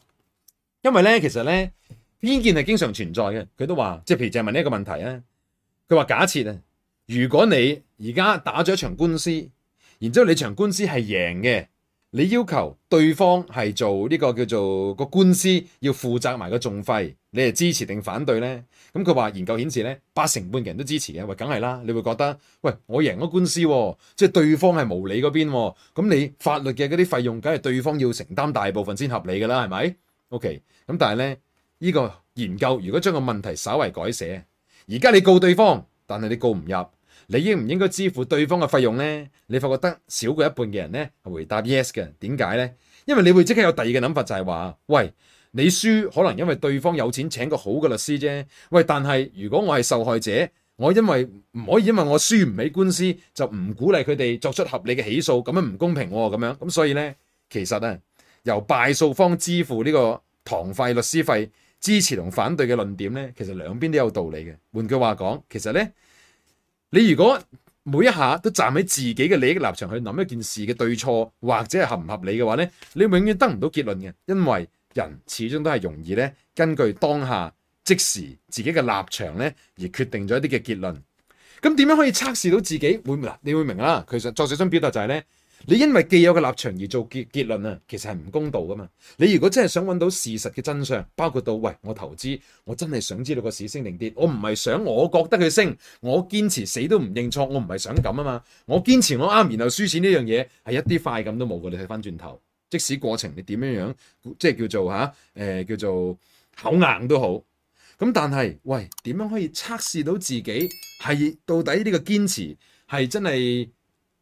因為咧，其實咧偏見係經常存在嘅。佢都話，即係譬如就係問呢一個問題啊。佢話假設啊，如果你而家打咗一場官司，然之後你場官司係贏嘅，你要求對方係做呢個叫做個官司要負責埋個重費。你係支持定反對呢？咁佢話研究顯示呢，八成半嘅人都支持嘅。喂，梗係啦！你會覺得，喂，我贏咗官司喎，即係對方係無理嗰邊喎，咁你法律嘅嗰啲費用，梗係對方要承擔大部分先合理㗎啦，係咪？OK。咁但係呢，呢個研究如果將個問題稍為改寫，而家你告對方，但係你告唔入，你應唔應該支付對方嘅費用呢？你發覺得少過一半嘅人呢，係回答 yes 嘅。點解呢？因為你會即刻有第二個諗法，就係話，喂。你輸可能因為對方有錢請個好嘅律師啫。喂，但係如果我係受害者，我因為唔可以，因為我輸唔起官司就唔鼓勵佢哋作出合理嘅起訴，咁樣唔公平喎，啊。咁樣咁所以呢，其實啊，由敗訴方支付呢個堂費、律師費，支持同反對嘅論點呢，其實兩邊都有道理嘅。換句話講，其實呢，你如果每一下都站喺自己嘅利益立場去諗一件事嘅對錯或者係合唔合理嘅話呢，你永遠得唔到結論嘅，因為人始終都係容易咧，根據當下即時自己嘅立場咧，而決定咗一啲嘅結論。咁點樣可以測試到自己會唔會嗱？你會明啦。其實作者想表達就係咧，你因為既有嘅立場而做結結論啊，其實係唔公道噶嘛。你如果真係想揾到事實嘅真相，包括到喂我投資，我真係想知道個市升定跌，我唔係想我覺得佢升，我堅持死都唔認錯，我唔係想咁啊嘛。我堅持我啱，然後輸錢呢樣嘢係一啲快感都冇噶。你睇翻轉頭。即使過程你點樣樣，即係叫做吓誒、啊呃，叫做口硬都好咁。但係喂，點樣可以測試到自己係到底呢個堅持係真係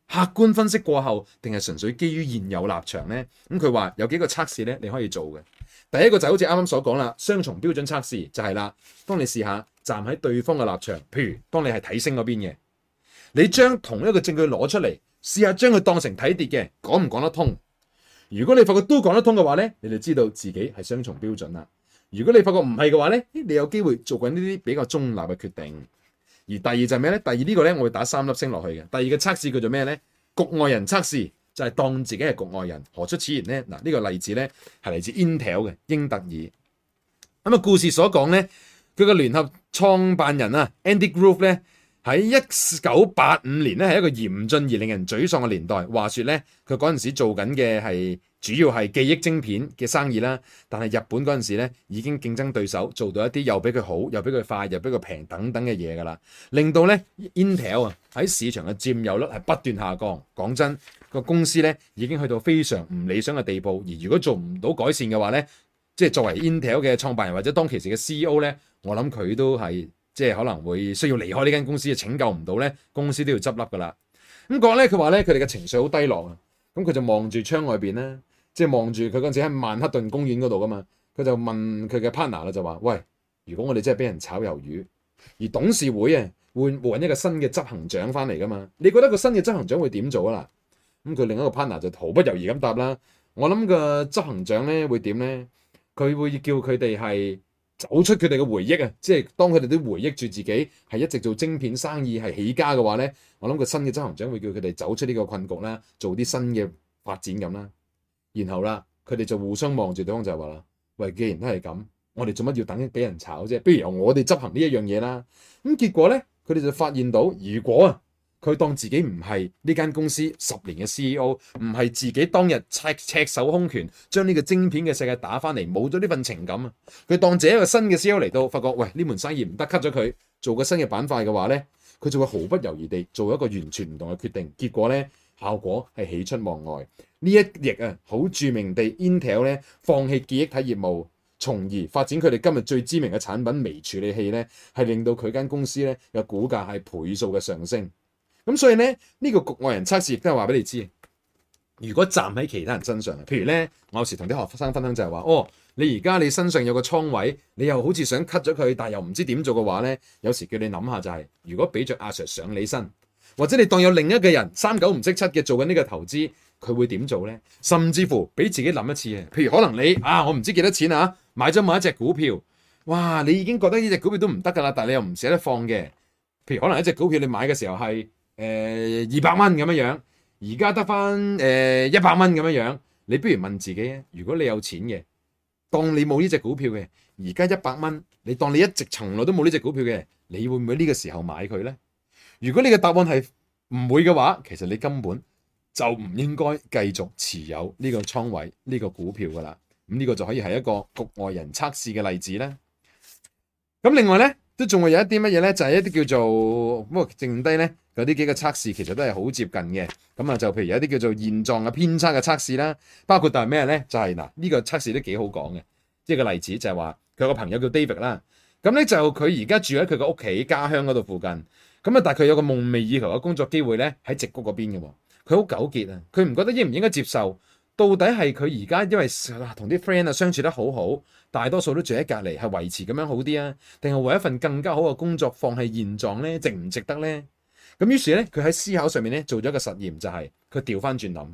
客觀分析過後，定係純粹基於現有立場咧？咁佢話有幾個測試咧，你可以做嘅。第一個就好似啱啱所講啦，雙重標準測試就係啦，當你試下站喺對方嘅立場，譬如當你係睇升嗰邊嘅，你將同一個證據攞出嚟，試下將佢當成睇跌嘅，講唔講得通？如果你發覺都講得通嘅話咧，你就知道自己係雙重標準啦。如果你發覺唔係嘅話咧，你有機會做緊呢啲比較中立嘅決定。而第二就係咩咧？第二呢個咧，我會打三粒星落去嘅。第二個測試叫做咩咧？局外人測試就係、是、當自己係局外人。何出此言咧？嗱，呢個例子咧係嚟自 Intel 嘅英特爾。咁啊、嗯，故事所講咧，佢個聯合創辦人啊 Andy Grove 咧。喺一九八五年咧，係一個嚴峻而令人沮喪嘅年代。話說咧，佢嗰陣時做緊嘅係主要係記憶晶片嘅生意啦。但係日本嗰陣時咧，已經競爭對手做到一啲又比佢好、又比佢快、又比佢平等等嘅嘢噶啦，令到咧 Intel 啊喺市場嘅佔有率係不斷下降。講真，個公司咧已經去到非常唔理想嘅地步。而如果做唔到改善嘅話咧，即係作為 Intel 嘅創辦人或者當其時嘅 CEO 咧，我諗佢都係。即係可能會需要離開呢間公司啊，拯救唔到咧，公司都要執笠噶啦。咁講咧，佢話咧，佢哋嘅情緒好低落啊。咁佢就望住窗外邊咧，即係望住佢嗰陣時喺曼克頓公園嗰度噶嘛。佢就問佢嘅 partner 啦，就話：喂，如果我哋真係俾人炒魷魚，而董事會啊，換換一個新嘅執行長翻嚟噶嘛？你覺得個新嘅執行長會點做啊？嗱，咁佢另一個 partner 就毫不猶豫咁答啦。我諗個執行長咧會點咧？佢會叫佢哋係。走出佢哋嘅回憶啊！即係當佢哋都回憶住自己係一直做晶片生意係起家嘅話咧，我諗個新嘅執行長會叫佢哋走出呢個困局啦，做啲新嘅發展咁啦。然後啦，佢哋就互相望住對方就係話啦：喂，既然都係咁，我哋做乜要等俾人炒啫？不如由我哋執行呢一樣嘢啦。咁、嗯、結果咧，佢哋就發現到如果啊～佢當自己唔係呢間公司十年嘅 CEO，唔係自己當日赤赤手空拳將呢個晶片嘅世界打返嚟，冇咗呢份情感啊！佢當自己一個新嘅 CEO 嚟到，發覺，喂，呢門生意唔得，cut 咗佢做個新嘅板塊嘅話呢，佢就會毫不猶豫地做一個完全唔同嘅決定。結果呢，效果係喜出望外。呢一役啊，好著名地 Intel 呢，放棄記憶體業務，從而發展佢哋今日最知名嘅產品微處理器呢，係令到佢間公司呢，嘅股價係倍數嘅上升。咁所以咧，呢個局外人測試亦都係話俾你知，如果站喺其他人身上，譬如咧，我有時同啲學生分享就係話，哦，你而家你身上有個倉位，你又好似想 cut 咗佢，但係又唔知點做嘅話咧，有時叫你諗下就係，如果俾著阿 Sir 上你身，或者你當有另一個人三九唔識七嘅做緊呢個投資，佢會點做咧？甚至乎俾自己諗一次啊，譬如可能你啊，我唔知幾多錢啊，買咗某一隻股票，哇，你已經覺得呢隻股票都唔得㗎喇，但係你又唔捨得放嘅，譬如可能一隻股票你買嘅時候係。誒，二百蚊咁樣樣，而家得返誒一百蚊咁樣樣，你不如問自己，如果你有錢嘅，當你冇呢隻股票嘅，而家一百蚊，你當你一直從來都冇呢隻股票嘅，你會唔會呢個時候買佢呢？如果你嘅答案係唔會嘅話，其實你根本就唔應該繼續持有呢個倉位呢、這個股票㗎喇，咁、嗯、呢、這個就可以係一個局外人測試嘅例子啦。咁、嗯、另外呢。都仲會有一啲乜嘢咧，就係一啲叫做，唔好話剩低咧，嗰啲幾個測試其實都係好接近嘅。咁啊，就譬如有啲叫做現狀嘅偏差嘅測試啦，包括到係咩咧？就係嗱，呢個測試都幾好講嘅，即係個例子就係話佢個朋友叫 David 啦。咁咧就佢而家住喺佢個屋企家鄉嗰度附近。咁啊，但係佢有個夢寐以求嘅工作機會咧，喺直谷嗰邊嘅喎。佢好糾結啊，佢唔覺得應唔應該接受，到底係佢而家因為同啲 friend 啊相處得好好。大多數都住喺隔離，係維持咁樣好啲啊？定係為一份更加好嘅工作放棄現狀呢？值唔值得呢？咁於是咧，佢喺思考上面咧做咗一個實驗，就係佢調翻轉諗，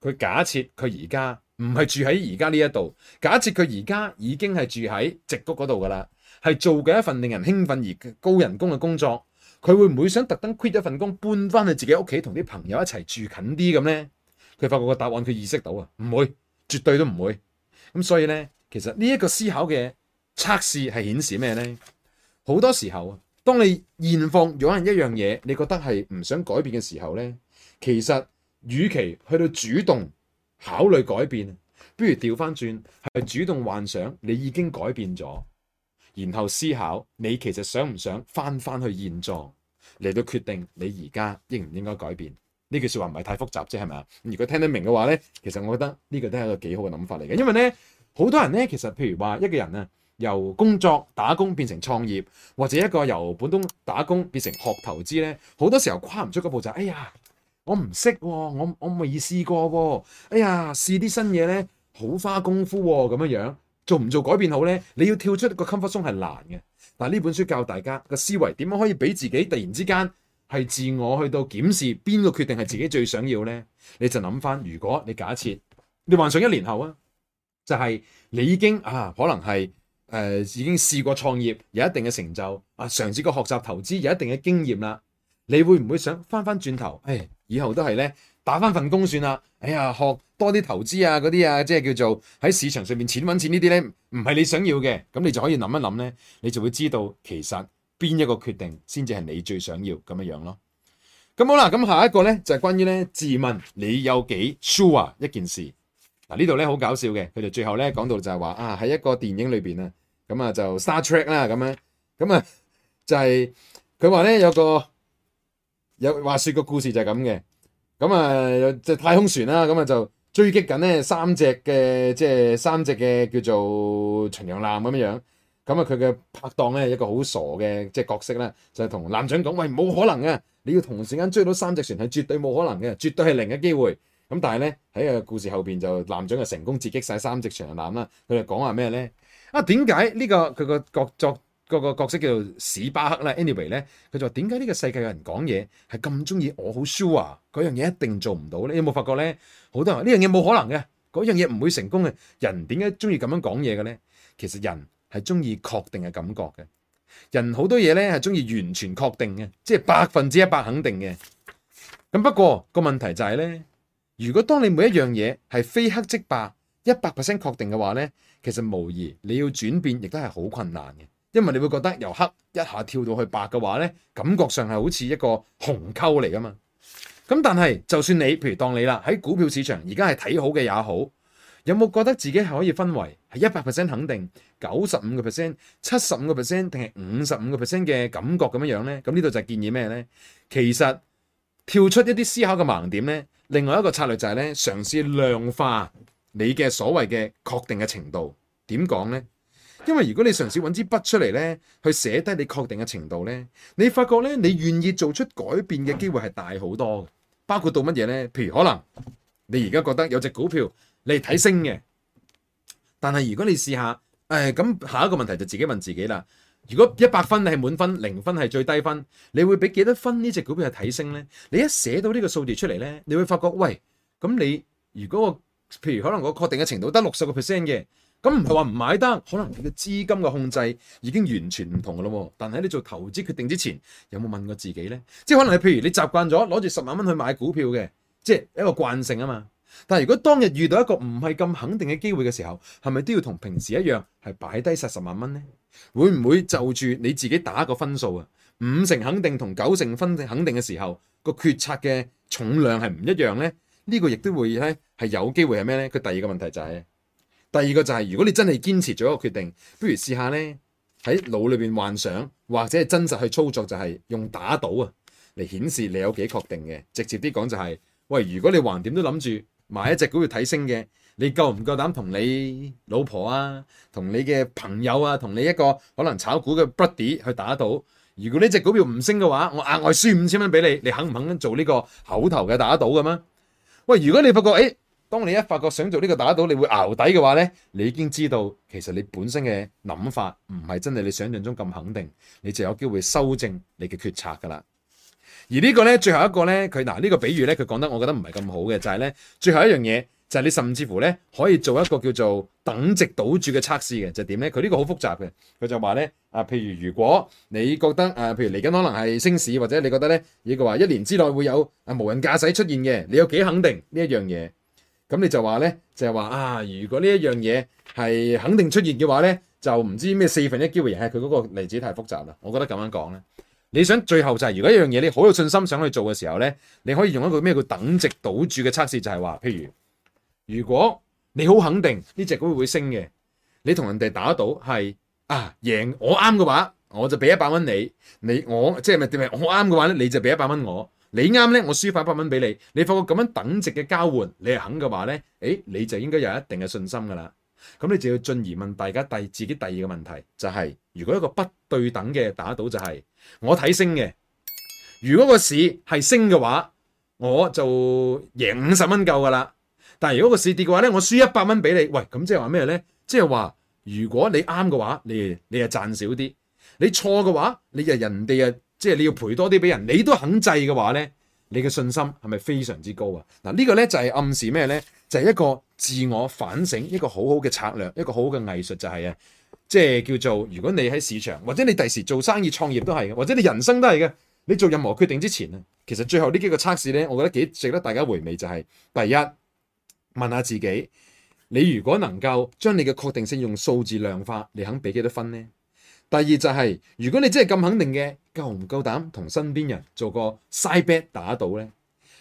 佢假設佢而家唔係住喺而家呢一度，假設佢而家已經係住喺直谷嗰度噶啦，係做緊一份令人興奮而高人工嘅工作，佢會唔會想特登 quit 一份工，搬翻去自己屋企同啲朋友一齊住近啲咁呢？佢發覺個答案，佢意識到啊，唔會，絕對都唔會。咁所以呢。其實呢一個思考嘅測試係顯示咩呢？好多時候啊，當你現況，有人一樣嘢，你覺得係唔想改變嘅時候呢，其實與其去到主動考慮改變，不如調翻轉，係主動幻想你已經改變咗，然後思考你其實想唔想翻翻去現狀，嚟到決定你而家應唔應該改變？呢句說話唔係太複雜啫，係咪啊？如果聽得明嘅話呢，其實我覺得呢個都係一個幾好嘅諗法嚟嘅，因為呢。好多人咧，其實譬如話，一個人啊，由工作打工變成創業，或者一個由本東打工變成學投資咧，好多時候跨唔出嗰步，就哎呀，我唔識喎，我我未試過喎。哎呀，試啲新嘢咧，好花功夫喎，哦，咁樣樣做唔做改變好咧？你要跳出個 comfort zone 係難嘅。嗱，呢本書教大家個思維點樣可以俾自己突然之間係自我去到檢視邊個決定係自己最想要咧？你就諗翻，如果你假設你幻想一年後啊～就係你已經啊，可能係誒、呃、已經試過創業，有一定嘅成就啊，嘗試過學習投資，有一定嘅經驗啦。你會唔會想翻翻轉頭？誒、哎，以後都係咧打翻份工算啦。哎呀，學多啲投資啊嗰啲啊，即係叫做喺市場上面錢揾錢呢啲咧，唔係你想要嘅。咁你就可以諗一諗咧，你就會知道其實邊一個決定先至係你最想要咁樣樣咯。咁好啦，咁下一個咧就係、是、關於咧自問你有幾 sure 一件事。嗱，呢度咧好搞笑嘅，佢就最後咧講到就係話啊喺一個電影裏邊啊，咁、嗯、啊就 Star Trek 啦咁樣，咁、嗯、啊、嗯嗯、就係、是、佢話咧有個有話説個故事就係咁嘅。咁啊即係太空船啦，咁、嗯、啊就追擊緊呢三隻嘅即係三隻嘅叫做巡洋艦咁樣樣，咁啊佢嘅拍檔咧一個好傻嘅即係角色啦，就同、是、艦長講喂，冇可能嘅，你要同時間追到三隻船係絕對冇可能嘅，絕對係零嘅機會。咁但係咧喺個故事後邊就艦長就成功刺激晒三隻長男啦。佢就講話咩咧？啊點解呢個佢個角作嗰角色叫做史巴克啦？anyway 咧，佢就話點解呢個世界有人講嘢係咁中意我好 sure 嗰樣嘢一定做唔到咧？你有冇發覺咧？好多人，呢樣嘢冇可能嘅，嗰樣嘢唔會成功嘅。人點解中意咁樣講嘢嘅咧？其實人係中意確定嘅感覺嘅。人好多嘢咧係中意完全確定嘅，即係百分之一百肯定嘅。咁不過個問題就係咧。如果當你每一樣嘢係非黑即白、一百 percent 確定嘅話咧，其實無疑你要轉變亦都係好困難嘅，因為你會覺得由黑一下跳到去白嘅話咧，感覺上係好似一個鴻溝嚟噶嘛。咁但係就算你，譬如當你啦喺股票市場而家係睇好嘅也好，有冇覺得自己係可以分為係一百 percent 肯定、九十五個 percent、七十五個 percent 定係五十五個 percent 嘅感覺咁樣樣咧？咁呢度就建議咩咧？其實。跳出一啲思考嘅盲點呢，另外一個策略就係咧，嘗試量化你嘅所謂嘅確定嘅程度。點講呢？因為如果你嘗試揾支筆出嚟呢，去寫低你確定嘅程度呢，你發覺呢，你願意做出改變嘅機會係大好多。包括到乜嘢呢？譬如可能你而家覺得有隻股票你係睇升嘅，但係如果你試下，誒、哎、咁下一個問題就自己問自己啦。如果一百分你係滿分，零分係最低分，你會俾幾多分呢隻股票係睇升呢？你一寫到呢個數字出嚟呢，你會發覺喂，咁你如果譬如可能我確定嘅程度得六十個 percent 嘅，咁唔係話唔買得，可能你嘅資金嘅控制已經完全唔同㗎咯。但係你做投資決定之前，有冇問過自己呢？即係可能你譬如你習慣咗攞住十萬蚊去買股票嘅，即係一個慣性啊嘛。但係如果當日遇到一個唔係咁肯定嘅機會嘅時候，係咪都要同平時一樣係擺低十十萬蚊呢？會唔會就住你自己打個分數啊？五成肯定同九成肯定嘅時候，個決策嘅重量係唔一樣呢？呢、這個亦都會呢係有機會係咩呢？佢第二個問題就係、是、第二個就係、是、如果你真係堅持做一個決定，不如試下呢喺腦裏邊幻想或者係真實去操作、就是，就係用打賭啊嚟顯示你有幾確定嘅。直接啲講就係、是、喂，如果你橫掂都諗住，買一隻股票睇升嘅，你夠唔夠膽同你老婆啊、同你嘅朋友啊、同你一個可能炒股嘅 buddy 去打賭？如果呢隻股票唔升嘅話，我額外輸五千蚊俾你，你肯唔肯做呢個口頭嘅打賭嘅嗎？喂，如果你發覺，誒、欸，當你一發覺想做呢個打賭，你會淆底嘅話咧，你已經知道其實你本身嘅諗法唔係真係你想像中咁肯定，你就有機會修正你嘅決策噶啦。而呢個咧，最後一個咧，佢嗱呢個比喻咧，佢講得我覺得唔係咁好嘅，就係咧最後一樣嘢，就係你甚至乎咧可以做一個叫做等值賭注嘅測試嘅，就點咧？佢呢個好複雜嘅，佢就話咧啊，譬如如果你覺得啊，譬如嚟緊可能係升市，或者你覺得咧，亦嘅話一年之內會有啊無人駕駛出現嘅，你有幾肯定呢一樣嘢？咁你就話咧，就係話啊，如果呢一樣嘢係肯定出現嘅話咧，就唔知咩四分一機會，係佢嗰個例子太複雜啦。我覺得咁樣講咧。你想最後就係、是、如果一樣嘢你好有信心想去做嘅時候咧，你可以用一個咩叫等值賭注嘅測試，就係、是、話，譬如如果你好肯定呢隻股會升嘅，你同人哋打賭係啊贏我啱嘅話，我就俾一百蚊你，你我即係咪點啊我啱嘅話咧，你就俾一百蚊我，你啱咧我輸翻一百蚊俾你，你發覺咁樣等值嘅交換，你係肯嘅話咧，誒、哎、你就應該有一定嘅信心噶啦。咁你就要進而問大家第自己第二個問題，就係如果一個不對等嘅打賭，就係我睇升嘅，如果個市係升嘅話，我就贏五十蚊夠噶啦。但係如果個市跌嘅話咧，我輸一百蚊俾你。喂，咁即係話咩咧？即係話如果你啱嘅話，你你啊賺少啲；你錯嘅話，你啊人哋啊即係你要賠多啲俾人。你都肯制嘅話咧，你嘅信心係咪非常之高啊？嗱，呢個咧就係暗示咩咧？就係一個自我反省，一個好好嘅策略，一個好好嘅藝術就係啊！即係叫做，如果你喺市場，或者你第時做生意創業都係嘅，或者你人生都係嘅，你做任何決定之前啊，其實最後呢幾個測試咧，我覺得幾值得大家回味就係：第一，問下自己，你如果能夠將你嘅確定性用數字量化，你肯俾幾多分呢？第二就係，如果你真係咁肯定嘅，夠唔夠膽同身邊人做個 side bet 打賭咧？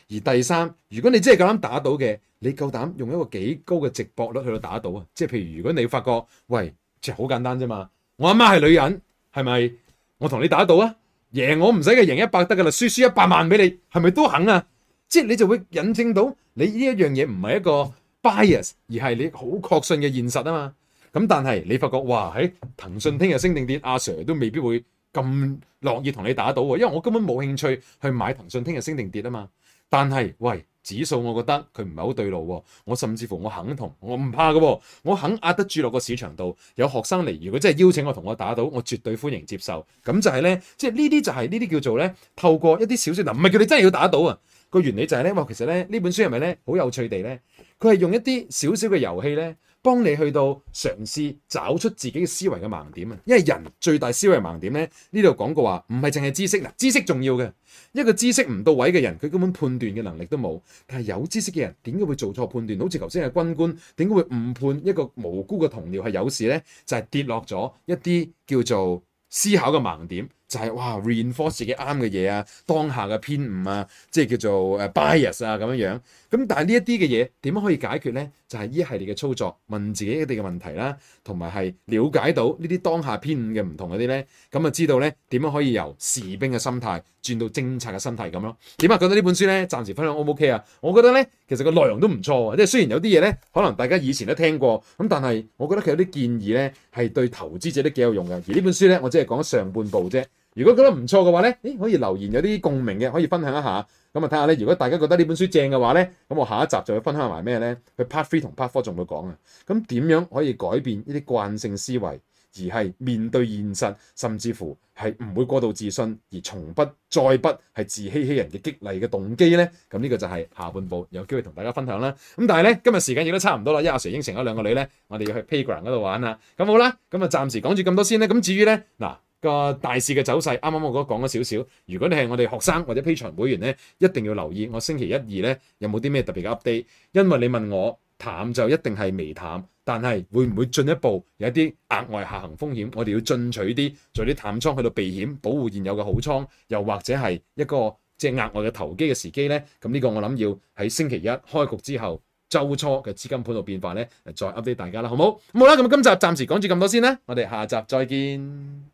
而第三，如果你真係夠膽打到嘅，你夠膽用一個幾高嘅直播率去到打到啊？即係譬如，如果你發覺，喂，其實好簡單啫嘛。我阿媽係女人，係咪？我同你打到啊，贏我唔使嘅，贏一百得噶啦，輸輸一百萬俾你，係咪都肯啊？即係你就會引證到你呢一樣嘢唔係一個 bias，而係你好確信嘅現實啊嘛。咁但係你發覺，哇，喺、欸、騰訊聽日升定跌，阿、啊、Sir 都未必會咁樂意同你打到喎，因為我根本冇興趣去買騰訊聽日升定跌啊嘛。但係，喂，指數，我覺得佢唔係好對路喎、哦。我甚至乎我肯同，我唔怕嘅、哦，我肯壓得住落個市場度。有學生嚟，如果真係邀請我同我打賭，我絕對歡迎接受。咁就係、是、咧，即係呢啲就係呢啲叫做咧，透過一啲少少，唔係叫你真係要打賭啊。個原理就係、是、咧，哇，其實咧呢本書係咪咧好有趣地咧？佢係用一啲少少嘅遊戲咧，幫你去到嘗試找出自己嘅思維嘅盲點啊。因為人最大思維盲點咧，呢度講過話，唔係淨係知識嗱，知識重要嘅。一個知識唔到位嘅人，佢根本判斷嘅能力都冇。但係有知識嘅人，點解會做錯判斷？好似頭先嘅軍官，點解會誤判一個無辜嘅同僚係有事咧？就係跌落咗一啲叫做思考嘅盲點。就係哇，reinforce 自己啱嘅嘢啊，當下嘅偏誤啊，即係叫做誒 bias 啊咁樣樣。咁但係呢一啲嘅嘢點樣可以解決咧？就係、是、依一系列嘅操作，問自己一啲嘅問題啦、啊，同埋係了解到呢啲當下偏誤嘅唔同嗰啲咧，咁啊知道咧點樣可以由士兵嘅心態轉到政策嘅心態咁咯。點啊講到呢本書咧，暫時分享 O 唔 OK 啊？我覺得咧其實個內容都唔錯喎，即係雖然有啲嘢咧可能大家以前都聽過，咁但係我覺得佢有啲建議咧係對投資者都幾有用嘅。而呢本書咧，我只係講上半部啫。如果覺得唔錯嘅話咧，誒可以留言有啲共鳴嘅，可以分享一下。咁啊睇下咧，如果大家覺得呢本書正嘅話咧，咁我下一集就會分享埋咩咧？去 part three 同 part four 仲會講啊。咁點樣可以改變呢啲慣性思維，而係面對現實，甚至乎係唔會過度自信，而從不再不係自欺欺人嘅激勵嘅動機咧？咁呢個就係下半部有機會同大家分享啦。咁但係咧，今日時間亦都差唔多啦。阿 Sir 應承咗兩個女咧，我哋要去 playground 嗰度玩啦。咁好啦，咁啊暫時講住咁多先啦。咁至於咧嗱。個大市嘅走勢，啱啱我覺得講咗少少。如果你係我哋學生或者 Patreon 會員咧，一定要留意我星期一、二咧有冇啲咩特別嘅 update。因為你問我淡就一定係微淡，但係會唔會進一步有一啲額外下行風險？我哋要進取啲做啲淡倉去到避險，保護現有嘅好倉，又或者係一個即係額外嘅投機嘅時機咧。咁呢個我諗要喺星期一開局之後，週初嘅資金盤度變化咧，再 update 大家啦，好唔好？好啦，咁今集暫時講住咁多先啦。我哋下集再見。